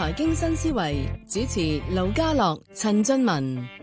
財經新思維主持：劉家樂、陳俊文。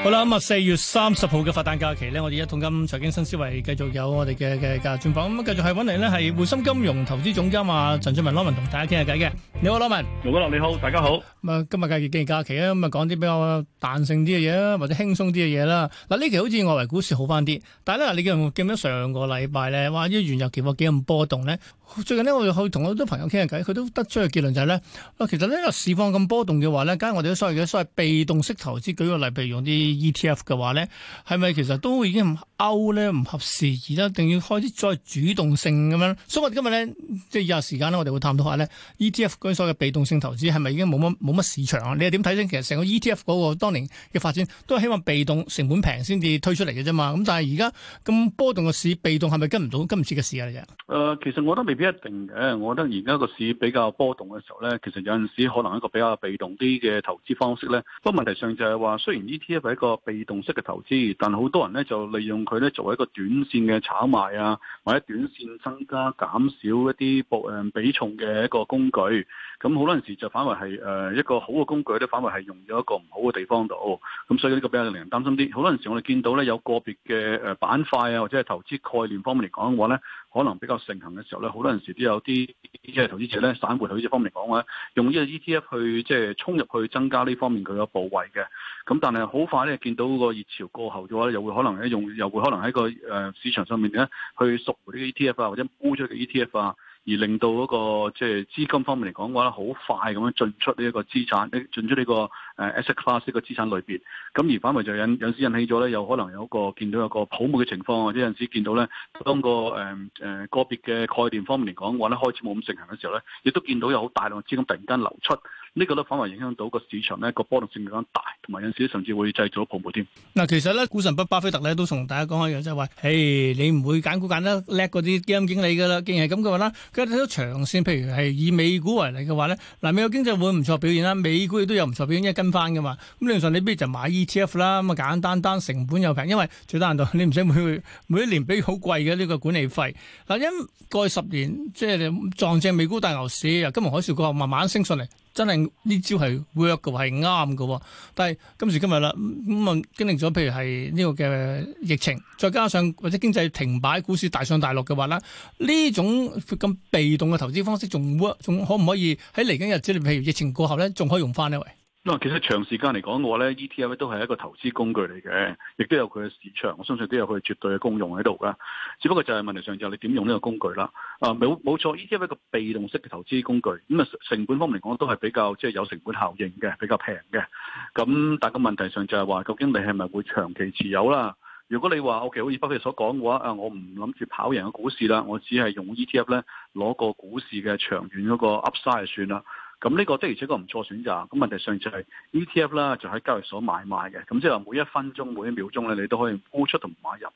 好啦，咁啊四月三十號嘅發蛋假期呢，我哋一桶金財經新思維繼續有我哋嘅嘅嘅專訪，咁啊繼續係揾嚟呢，係匯豐金融投資總監啊陳俊文 Lawrence 同大家傾下偈嘅。你好 Lawrence，你好，大家好。咁啊今日繼續繼續假期啊，咁啊講啲比較彈性啲嘅嘢啊，或者輕鬆啲嘅嘢啦。嗱，呢期好似外圍股市好翻啲，但係呢，你記唔記得上個禮拜呢？哇啲原油期貨幾咁波動呢？最近呢，我哋去同好多朋友傾下偈，佢都得出嘅結論就係、是、呢。其實呢個市況咁波動嘅話呢，梗係我哋所謂嘅所謂被動式投資。舉個例，譬如用啲。ETF 嘅話咧，係咪其實都已經？歐咧唔合時，而家一定要開始再主動性咁樣，所以我哋今日咧即係以下時間咧，我哋會探討下咧 E T F 嗰啲所謂嘅被動性投資係咪已經冇乜冇乜市場啊？你係點睇先？其實成個 E T F 嗰、嗰個當年嘅發展都係希望被動成本平先至推出嚟嘅啫嘛。咁但係而家咁波動嘅市，被動係咪跟唔到今次嘅市啊？誒、呃，其實我都未必一定嘅。我覺得而家個市比較波動嘅時候咧，其實有陣時可能一個比較被動啲嘅投資方式咧。不過問題上就係話，雖然 E T F 係一個被動式嘅投資，但好多人咧就利用。佢咧作為一個短線嘅炒賣啊，或者短線增加減少一啲博誒比重嘅一個工具，咁好多陣時就反為係誒一個好嘅工具咧，都反為係用咗一個唔好嘅地方度，咁所以呢個比較令人擔心啲。好多陣時我哋見到咧有個別嘅誒板塊啊，或者係投資概念方面嚟講嘅話咧。可能比較盛行嘅時候咧，好多陣時都有啲即係投資者咧，散戶投資者方面嚟講咧，用呢個 ETF 去即係衝入去增加呢方面佢個部位嘅。咁但係好快咧，見到個熱潮過後嘅話，又會可能喺用，又會可能喺個誒市場上面咧，去贖回啲 ETF 啊，或者沽出嘅 ETF 啊。而令到嗰、那個即係資金方面嚟講嘅話咧，好快咁樣進出呢一個資產，進出呢、這個誒、uh, asset class 嘅資產裏邊。咁而反為就引引起咗咧，有可能有個見到有個泡沫嘅情況，或者有時見到咧，當個誒誒、呃、個別嘅概念方面嚟講，話咧開始冇咁盛行嘅時候咧，亦都見到有好大量嘅資金突然間流出。呢個都反而影響到個市場呢個波動性比較大，同埋有陣時甚至會製造泡沫添。嗱，其實咧，股神不巴菲特咧都同大家講一樣，就係話，誒，你唔會揀股揀得叻嗰啲基金經理噶啦，既然係咁嘅話啦，佢睇到長線，譬如係以美股為例嘅話咧，嗱，美國經濟會唔錯表現啦，美股亦都有唔錯表現，因為跟翻噶嘛。咁通常你不如就買 ETF 啦，咁啊簡單，單成本又平，因為最難度你唔使每每一年俾好貴嘅呢個管理費嗱，因過去十年即係撞正美股大牛市，金融海嘯嗰下慢慢升上嚟。真係呢招係 work 嘅，係啱嘅。但係今時今日啦，咁、嗯、啊經歷咗譬如係呢個嘅疫情，再加上或者經濟停擺、股市大上大落嘅話啦，呢種咁被動嘅投資方式仲 work，仲可唔可以喺嚟緊日子？譬如疫情過後咧，仲可以用翻呢喂！因為其實長時間嚟講嘅話咧，ETF 都係一個投資工具嚟嘅，亦都有佢嘅市場，我相信都有佢絕對嘅功用喺度啦。只不過就係問題上就係你點用呢個工具啦。啊，冇冇錯，ETF 一個被動式嘅投資工具，咁啊成本方面嚟講都係比較即係、就是、有成本效應嘅，比較平嘅。咁但個問題上就係話，究竟你係咪會長期持有啦？如果你話，OK，好似北非所講嘅話，啊，我唔諗住跑贏個股市啦，我只係用 ETF 咧攞個股市嘅長遠嗰個 Upside 算啦。咁呢個的而且確唔錯選擇，咁問題上就係 ETF 啦，就喺交易所買賣嘅，咁即係話每一分鐘、每一秒鐘咧，你都可以沽出同買入。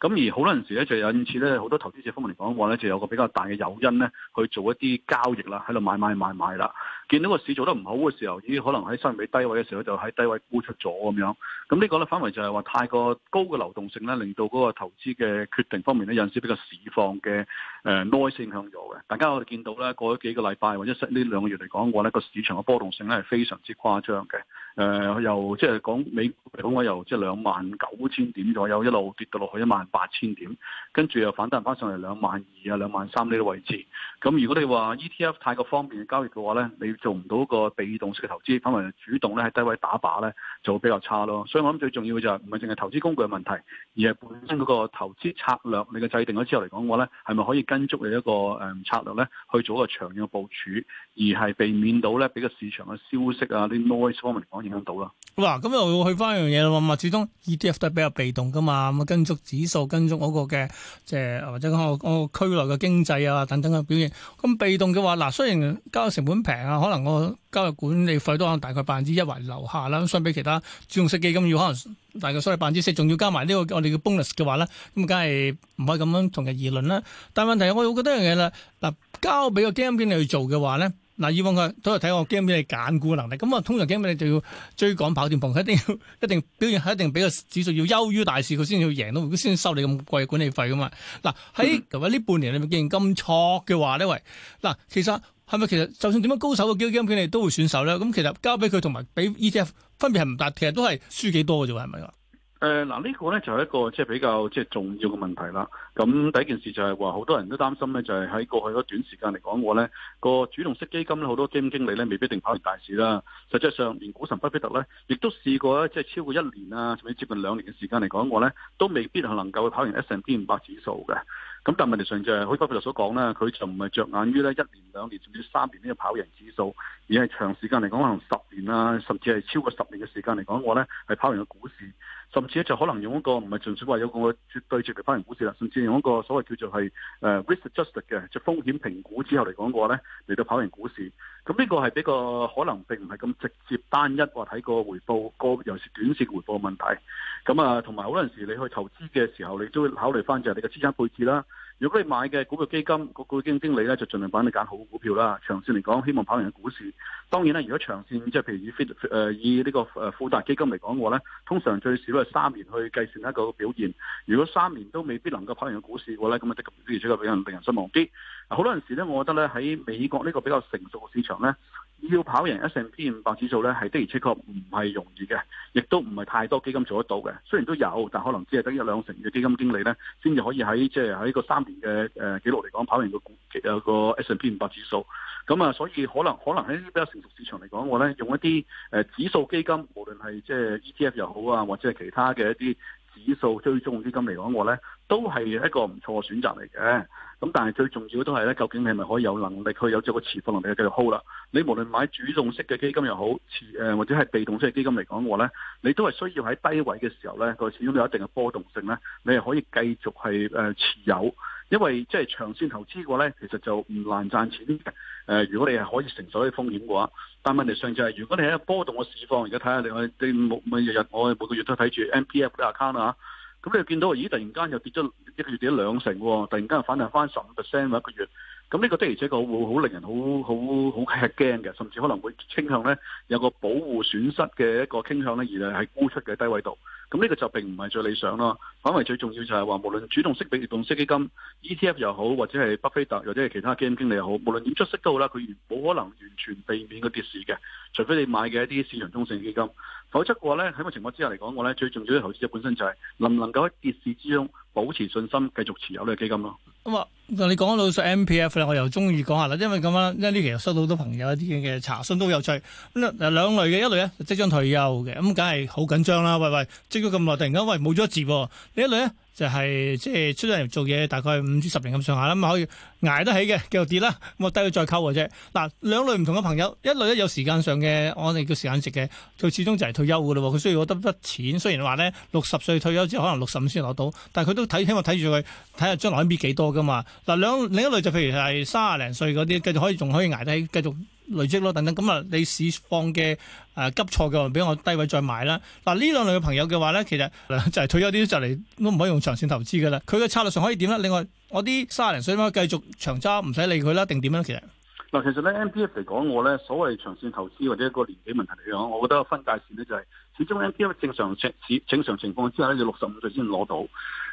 咁而好多陣時咧，就有一次咧，好多投資者方面嚟講話咧，就有個比較大嘅誘因咧，去做一啲交易啦，喺度買買買買啦。見到個市做得唔好嘅時候，咦，可能喺收比低位嘅時候，就喺低位沽出咗咁樣。咁呢個咧反為就係話，太過高嘅流動性咧，令到嗰個投資嘅決定方面咧，有時比較市況嘅。誒耐性向左嘅，大家我哋見到咧過咗幾個禮拜或者呢兩個月嚟講嘅話咧，個市場嘅波動性咧係非常之誇張嘅。誒又即係講美股嘅由，即係兩萬九千點左右一路跌到落去一萬八千點，跟住又反彈翻上嚟兩萬二啊兩萬三呢個位置。咁如果你話 ETF 太過方便嘅交易嘅話咧，你做唔到個被動式嘅投資，反而主動咧喺低位打靶咧就會比較差咯。所以我諗最重要嘅就係唔係淨係投資工具嘅問題，而係本身嗰個投資策略你嘅制定咗之後嚟講嘅話咧，係咪可以跟？跟足你一個誒策略咧，去做一個長遠嘅部署，而係避免到咧，俾個市場嘅消息啊，啲 noise 方面嚟講影響到啦。嗱，咁又去翻一樣嘢啦嘛，始終 ETF 都係比較被動噶嘛，咁跟足指數，跟足嗰個嘅即係或者講、嗰個區內嘅經濟啊等等嘅表現。咁、嗯、被動嘅話，嗱，雖然交易成本平啊，可能我交易管理費都可能大概百分之一或以下啦，咁相比其他主動式基金要可能大概收你百分之四，仲要加埋呢個我哋叫 bonus 嘅話咧，咁梗係唔可以咁樣同人議論啦。但係問題，我會覺得一樣嘢啦，嗱，交俾個基金經理去做嘅話咧。嗱，以往佢都係睇我基金經理揀股嘅能力，咁啊通常基金經理就要追趕跑電，佢一定要一定表現係一定比個指數要優於大市，佢先至要贏到，如果先收你咁貴管理費噶嘛。嗱喺位呢半年你咪見咁挫嘅話呢，喂嗱，其實係咪其實就算點樣高手嘅基金經理都會選手咧？咁其實交俾佢同埋俾 ETF 分別係唔大，其實都係輸幾多嘅啫，係咪啊？誒，嗱、呃這個、呢個咧就係、是、一個即係比較即係重要嘅問題啦。咁、嗯、第一件事就係話好多人都擔心呢，就係、是、喺過去嗰短時間嚟講，我呢、這個主動式基金咧，好多基金經理呢，未必一定跑贏大市啦。實際上，連股神巴菲特呢，亦都試過呢，即係超過一年啊，甚至接近兩年嘅時間嚟講，我呢，都未必係能夠跑贏 S and P 五百指數嘅。咁但係問題上就係、是，好似巴菲特所講呢，佢就唔係着眼於呢一年、兩年，甚至三年呢要跑贏指數，而係長時間嚟講，可能十年啊，甚至係超過十年嘅時間嚟講，我呢，係跑贏個股市。甚至咧就可能用一個唔係純粹話有個絕對絕對跑贏股市啦，甚至用一個所謂叫做係誒 risk-adjusted 嘅，即係風險評估之後嚟講嘅話咧，嚟到跑贏股市。咁呢個係比較可能並唔係咁直接單一話睇個回報，個又是短線回報嘅問題。咁啊，同埋好多陣時你去投資嘅時候，你都會考慮翻就係你嘅資產配置啦。如果你買嘅股票基金個股經經理咧，就盡量幫你揀好股票啦。長線嚟講，希望跑贏嘅股市。當然啦，如果長線即係譬如以 Feed、呃、以呢個誒富達基金嚟講嘅話咧，通常最少係三年去計算一個表現。如果三年都未必能夠跑贏嘅股市嘅話咧，咁啊的確比較比較令人失望啲。好多陣時咧，我覺得咧喺美國呢個比較成熟嘅市場咧。要跑贏 S and P 五百指數咧，係的而且確唔係容易嘅，亦都唔係太多基金做得到嘅。雖然都有，但可能只係得一兩成嘅基金經理咧，先至可以喺即係喺個三年嘅誒、呃、紀錄嚟講跑贏個誒個 S and P 五百指數。咁啊，所以可能可能喺比較成熟市場嚟講，我咧用一啲誒、呃、指數基金，無論係即係、就是、ETF 又好啊，或者係其他嘅一啲，指數追蹤基金嚟講，我咧都係一個唔錯嘅選擇嚟嘅。咁但係最重要都係咧，究竟你係咪可以有能力去有咗個持貨能力繼續 hold 啦？你無論買主動式嘅基金又好，持誒、呃、或者係被動式嘅基金嚟講嘅話咧，你都係需要喺低位嘅時候咧，佢始終有一定嘅波動性咧，你係可以繼續係誒持有。因為即係長線投資嘅話咧，其實就唔難賺錢嘅。誒、呃，如果你係可以承受呢啲風險嘅話，但係問題上就係、是、如果你喺波動嘅市況，而家睇下你，外，你每咪日日我每個月都睇住 MPF 啲 account 啊咁你就見到，咦，突然間又跌咗一個月跌咗兩成，突然間反彈翻十五 percent 喎一個月，咁呢個的而且確會好令人好好好吃驚嘅，甚至可能會傾向咧有個保護損失嘅一個傾向咧，而係喺沽出嘅低位度。咁呢個就並唔係最理想咯，反而最重要就係話無論主動式比被動式基金、ETF 又好，或者係北非特，或者係其他基金經理又好，無論點出色都好啦，佢冇可能完全避免個跌市嘅，除非你買嘅一啲市場中性基金，否則嘅話呢，喺個情況之下嚟講，我呢最重要嘅投資者本身就係、是、能唔能夠喺跌市之中保持信心，繼續持有呢個基金咯。咁啊、嗯。嗱，你講到講 MPF 咧，我又中意講下啦，因為咁樣，因為呢期又收到好多朋友一啲嘅查詢都好有趣。兩兩類嘅，一類咧即將退休嘅，咁梗係好緊張啦。喂喂，積咗咁耐，突然間喂冇咗一節喎。你一、喔、一類咧？就係即係出咗嚟做嘢，大概五至十年咁上下啦，咁、嗯、可以捱得起嘅，繼續跌啦，我低佢再溝嘅啫。嗱，兩類唔同嘅朋友，一類咧有時間上嘅，我哋叫時間值嘅，佢始終就係退休嘅咯。佢需要得筆錢，雖然話咧六十歲退休之後可能六十五先攞到，但係佢都睇希望睇住佢睇下將來可以幾多噶嘛。嗱，兩另一類就譬如係三啊零歲嗰啲，繼續可以仲可以捱得起繼續。累積咯，等等咁啊、嗯！你市況嘅誒、呃、急挫嘅話，俾我低位再買啦。嗱、啊，呢兩類嘅朋友嘅話咧，其實就係退休啲就嚟都唔可以用長線投資㗎喇。佢嘅策略上可以點咧？另外，我啲卅零歲可以繼續長揸，唔使理佢啦，定點咧？其實。嗱，其實咧，M P F 嚟講，我咧所謂長線投資或者一個年紀問題嚟講，我覺得分界線咧就係，始終 M P F 正常情，正常情況之下咧要六十五歲先攞到。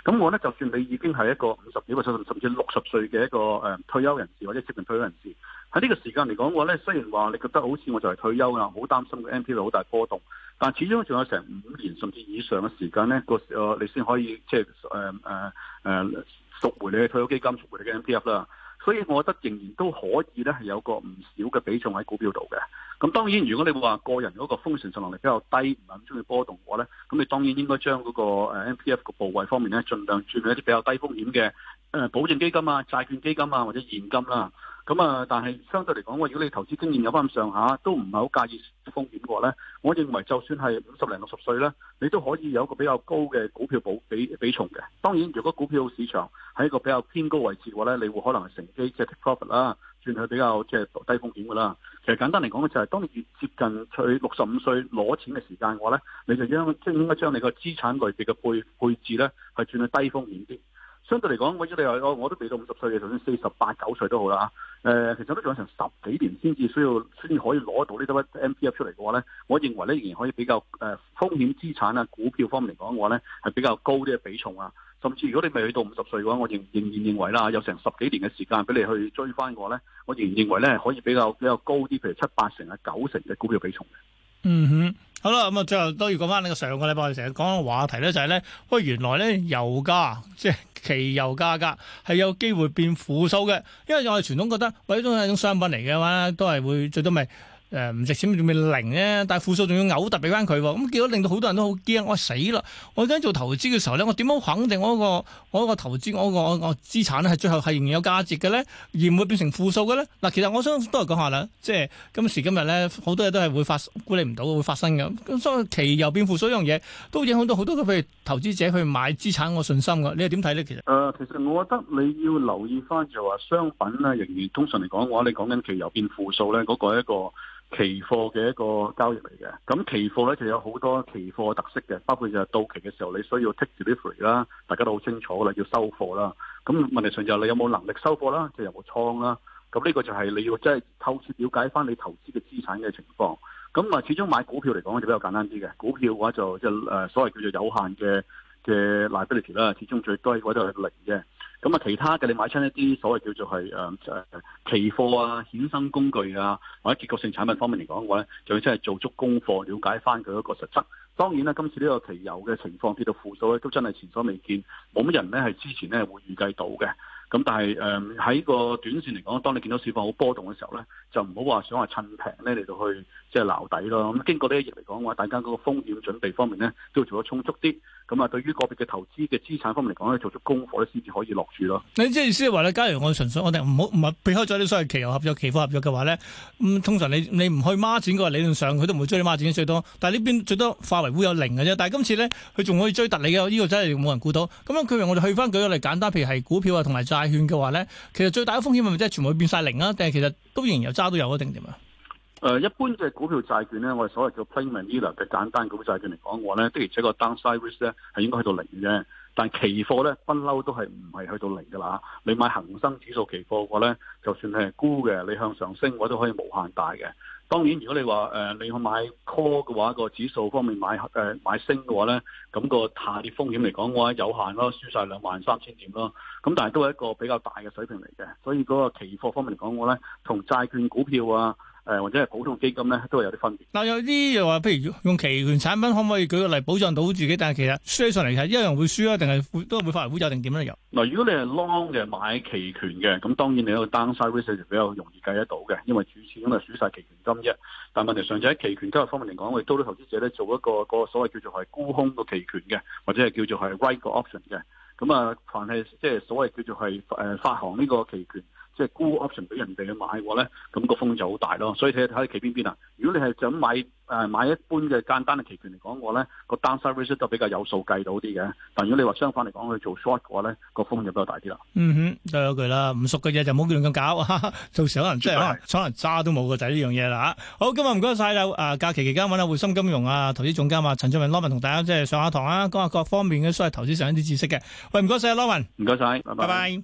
咁我咧，就算你已經係一個五十幾或甚至六十歲嘅一個誒退休人士或者接近退休人士，喺呢個時間嚟講，我咧雖然話你覺得好似我就係退休啦，好擔心個 M P F 好大波動，但係始終仲有成五年甚至以上嘅時間咧，個誒你先可以即係誒誒誒贖回你嘅退休基金，贖回你嘅 M P F 啦。所以，我覺得仍然都可以咧，係有個唔少嘅比重喺股票度嘅。咁當然，如果你話個人嗰個風險承受能力比較低，唔係咁中意波動嘅話咧，咁你當然應該將嗰個 MPF 個部位方面咧，儘量轉去一啲比較低風險嘅誒保證基金啊、債券基金啊或者現金啦、啊。咁啊，但係相對嚟講，如果你投資經驗有返咁上下，都唔係好介意風險嘅話咧，我認為就算係五十零六十歲咧，你都可以有一個比較高嘅股票保比比重嘅。當然，如果股票市場喺一個比較偏高位置嘅話咧，你會可能係乘機即係 take profit 啦，轉去比較即係、就是、低風險嘅啦。其實簡單嚟講咧，就係當你越接近去六十五歲攞錢嘅時間嘅話咧，你就將即係應該將你個資產類別嘅配配置咧，係轉去低風險啲。相對嚟講，或者你話我，我都未到五十歲嘅，就算四十八九歲都好啦。誒、呃，其實都仲有成十幾年先至需要，先至可以攞到呢啲 MPF 出嚟嘅話咧，我認為咧仍然可以比較誒、呃、風險資產啊，股票方面嚟講嘅話咧，係比較高啲嘅比重啊。甚至如果你未去到五十歲嘅話，我仍仍然認為啦，有成十幾年嘅時間俾你去追翻嘅話咧，我仍然認為咧可以比較比較高啲，譬如七八成啊九成嘅股票比重。嗯哼。好啦，咁啊，最後都要講翻呢個上個禮拜我哋成日講嘅話題咧，就係咧，喂，原來咧，即油價即係期油價格係有機會變負數嘅，因為我哋傳統覺得，嗱，呢種係一種商品嚟嘅話，都係會最多咪、就是。誒唔、呃、值錢仲未零咧，但係負數仲要嘔特俾翻佢喎，咁結果令到好多人都好驚、哎，我死啦！我而家做投資嘅時候咧，我點樣肯定我、嗰、一個我一、嗰個、投資我、嗰個我資產係最後係仍然有價值嘅咧，而唔會變成負數嘅咧？嗱、呃，其實我想都係講下啦，即係今時今日咧，好多嘢都係會發估理唔到，會發生嘅。咁所以期油變負數呢樣嘢都影響到好多嘅，譬如投資者去買資產我信心㗎。你係點睇咧？其實誒、呃，其實我覺得你要留意翻就話商品咧，仍然通常嚟講嘅話，你講緊期油變負數咧，嗰、嗰個一個。期貨嘅一個交易嚟嘅，咁期貨咧就有好多期貨特色嘅，包括就到期嘅時候你需要 take delivery 啦，大家都好清楚啦，要收貨啦。咁問題上就你有冇能力收貨啦，就係、有冇倉啦。咁呢個就係你要即係透徹了解翻你投資嘅資產嘅情況。咁啊，始終買股票嚟講就比較簡單啲嘅，股票嘅話就即係誒所謂叫做有限嘅嘅 liability 啦，始終最低位都係零嘅。咁啊，其他嘅你買親一啲所謂叫做係誒誒期貨啊、衍生工具啊，或者結構性產品方面嚟講嘅話咧，就要真係做足功課，了解翻佢一個實質。當然啦，今次呢個期油嘅情況跌到負數咧，都真係前所未見，冇乜人咧係之前咧會預計到嘅。咁但係誒喺個短線嚟講，當你見到市況好波動嘅時候咧，就唔好話想話趁平咧嚟到去即係撈底咯。咁經過呢一役嚟講嘅話，大家嗰個風險準備方面咧，都要做得充足啲。咁、嗯、啊，對於個別嘅投資嘅資產方面嚟講咧，做足功課咧先至可以落注咯。你即係意思係話咧，假如我純粹我哋唔好唔係避開咗啲所謂期油合約、期貨合約嘅話咧，咁、嗯、通常你你唔去孖展嘅話，理論上佢都唔會追你孖展最多。但係呢邊最多化為烏有零嘅啫。但係今次咧，佢仲可以追突你嘅，呢、呢個真係冇人估到。咁樣，譬如我哋去翻舉個例簡單，譬如係股票啊，同埋債券嘅話咧，其實最大嘅風險係咪即係全部變晒零啊？定係其實都仍然有揸都有一定點啊？誒，一般嘅股票債券咧，我哋所謂叫 premium yield 嘅簡單股票債券嚟講嘅話咧，的而且個 downside risk 咧係應該去到零嘅。但期貨咧，是不嬲都係唔係去到零噶啦。你買恒生指數期貨嘅話咧，就算你係沽嘅，你向上升嘅話都可以無限大嘅。當然，如果你話誒、呃、你去買 call 嘅話，個指數方面買誒、呃、買升嘅話咧，咁、個下跌風險嚟講嘅話有限咯，輸晒兩萬三千點咯。咁但係都係一個比較大嘅水平嚟嘅。所以嗰個期貨方面嚟講，我咧同債券股票啊。誒，或者係普通基金咧，都係有啲分別。嗱，有啲又話，譬如用期權產品，可唔可以舉個例保障到自己？但係其實輸起上嚟係一樣會輸啊，定係都係會發嚟負定點咧？又嗱，如果你係 long 嘅買期權嘅，咁當然你個 downside risk 係比較容易計得到嘅，因為主次咁就輸晒期權金啫。但係問題上就喺期權交易方面嚟講，我哋多啲投資者咧做一個、嗰個所謂叫做係沽空個期權嘅，或者係叫做係 write 個 option 嘅。咁啊，凡係即係所謂叫做係誒發行呢個期權。即係沽 option 俾人哋去買嘅咧，咁個風險就好大咯。所以睇睇企邊邊啊！如果你係想買誒買一般嘅簡單嘅期權嚟講，我咧個 downside 都比較有數計到啲嘅。但如果你話相反嚟講去做 short 嘅話咧，個風險就比較大啲啦。嗯哼，都有句啦，唔熟嘅嘢就唔好亂咁搞，到時可能真係的可能揸都冇個仔呢樣嘢啦嚇。好，今日唔該晒啦！誒、呃、假期期間揾下匯森金融啊，投資總監啊陳俊文 Lawrence 同大家即係上下堂啊，講下各方面嘅所謂投資上一啲知識嘅。喂，唔該曬 Lawrence，唔該晒。拜拜。謝